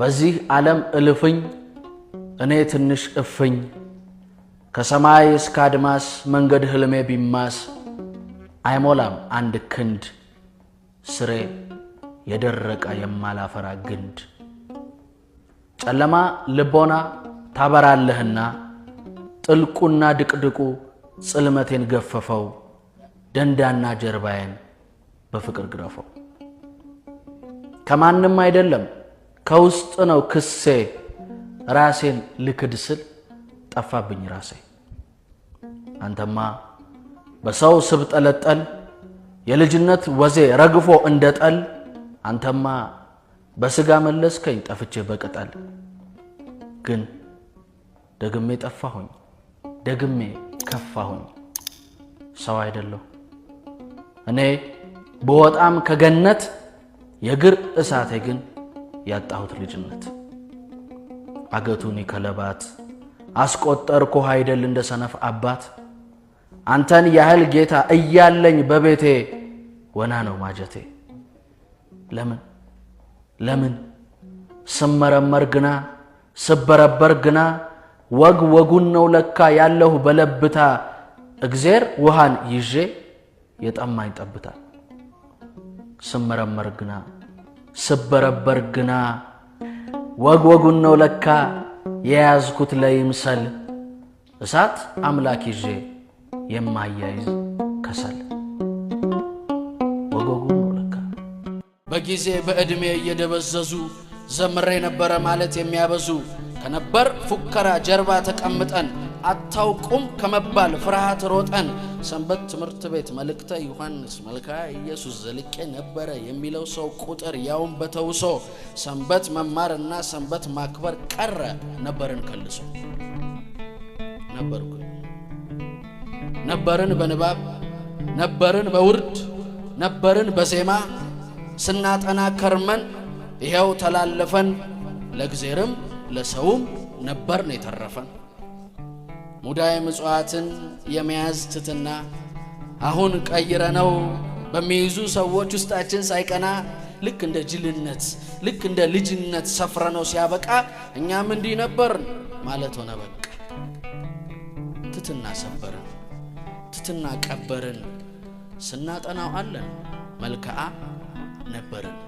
በዚህ ዓለም እልፍኝ እኔ ትንሽ እፍኝ ከሰማይ እስከ አድማስ መንገድ ህልሜ ቢማስ አይሞላም አንድ ክንድ ስሬ የደረቀ የማላፈራ ግንድ ጨለማ ልቦና ታበራለህና ጥልቁና ድቅድቁ ጽልመቴን ገፈፈው ደንዳና ጀርባዬን በፍቅር ግረፈው። ከማንም አይደለም ከውስጥ ነው ክሴ ራሴን ልክድ ስል ጠፋብኝ ራሴ። አንተማ በሰው ስብጠለጠል የልጅነት ወዜ ረግፎ እንደ ጠል አንተማ በስጋ መለስከኝ ጠፍቼ በቅጠል። ግን ደግሜ ጠፋሁኝ ደግሜ ከፋሁኝ ሰው አይደለሁ እኔ በወጣም ከገነት የግር እሳቴ ግን ያጣሁት ልጅነት አገቱን ከለባት አስቆጠርኩህ አይደል እንደ ሰነፍ አባት አንተን ያህል ጌታ እያለኝ በቤቴ ወና ነው ማጀቴ። ለምን ለምን ስመረመር ግና ስበረበር ግና ወግ ወጉን ነው ለካ ያለሁ በለብታ እግዜር ውሃን ይዤ የጠማኝ ጠብታ ስመረመር ግና ስበረበር ግና ወግ ነው ለካ የያዝኩት ለይምሰል እሳት አምላክ ይዤ የማያይዝ ከሰል ወግ ነው ለካ በጊዜ በዕድሜ እየደበዘዙ ዘምሬ ነበረ ማለት የሚያበዙ ከነበር ፉከራ ጀርባ ተቀምጠን አታውቁም ከመባል ፍርሃት ሮጠን ሰንበት ትምህርት ቤት መልእክተ ዮሐንስ መልክአ ኢየሱስ ዘልቄ ነበረ የሚለው ሰው ቁጥር ያውም በተውሶ ሰንበት መማርና ሰንበት ማክበር ቀረ። ነበርን ከልሶ ነበርኩ ነበርን በንባብ ነበርን በውርድ ነበርን በዜማ ስናጠና ከርመን ይኸው ተላለፈን። ለእግዜርም ለሰውም ነበር ነው የተረፈን። ሙዳይ ምጽዋትን የመያዝ ትትና አሁን ቀይረ ነው በሚይዙ ሰዎች ውስጣችን ሳይቀና ልክ እንደ ጅልነት ልክ እንደ ልጅነት ሰፍረ ነው ሲያበቃ እኛም እንዲህ ነበርን ማለት ሆነ። በቃ ትትና ሰበርን፣ ትትና ቀበርን። ስናጠናው አለን መልክዓ ነበርን።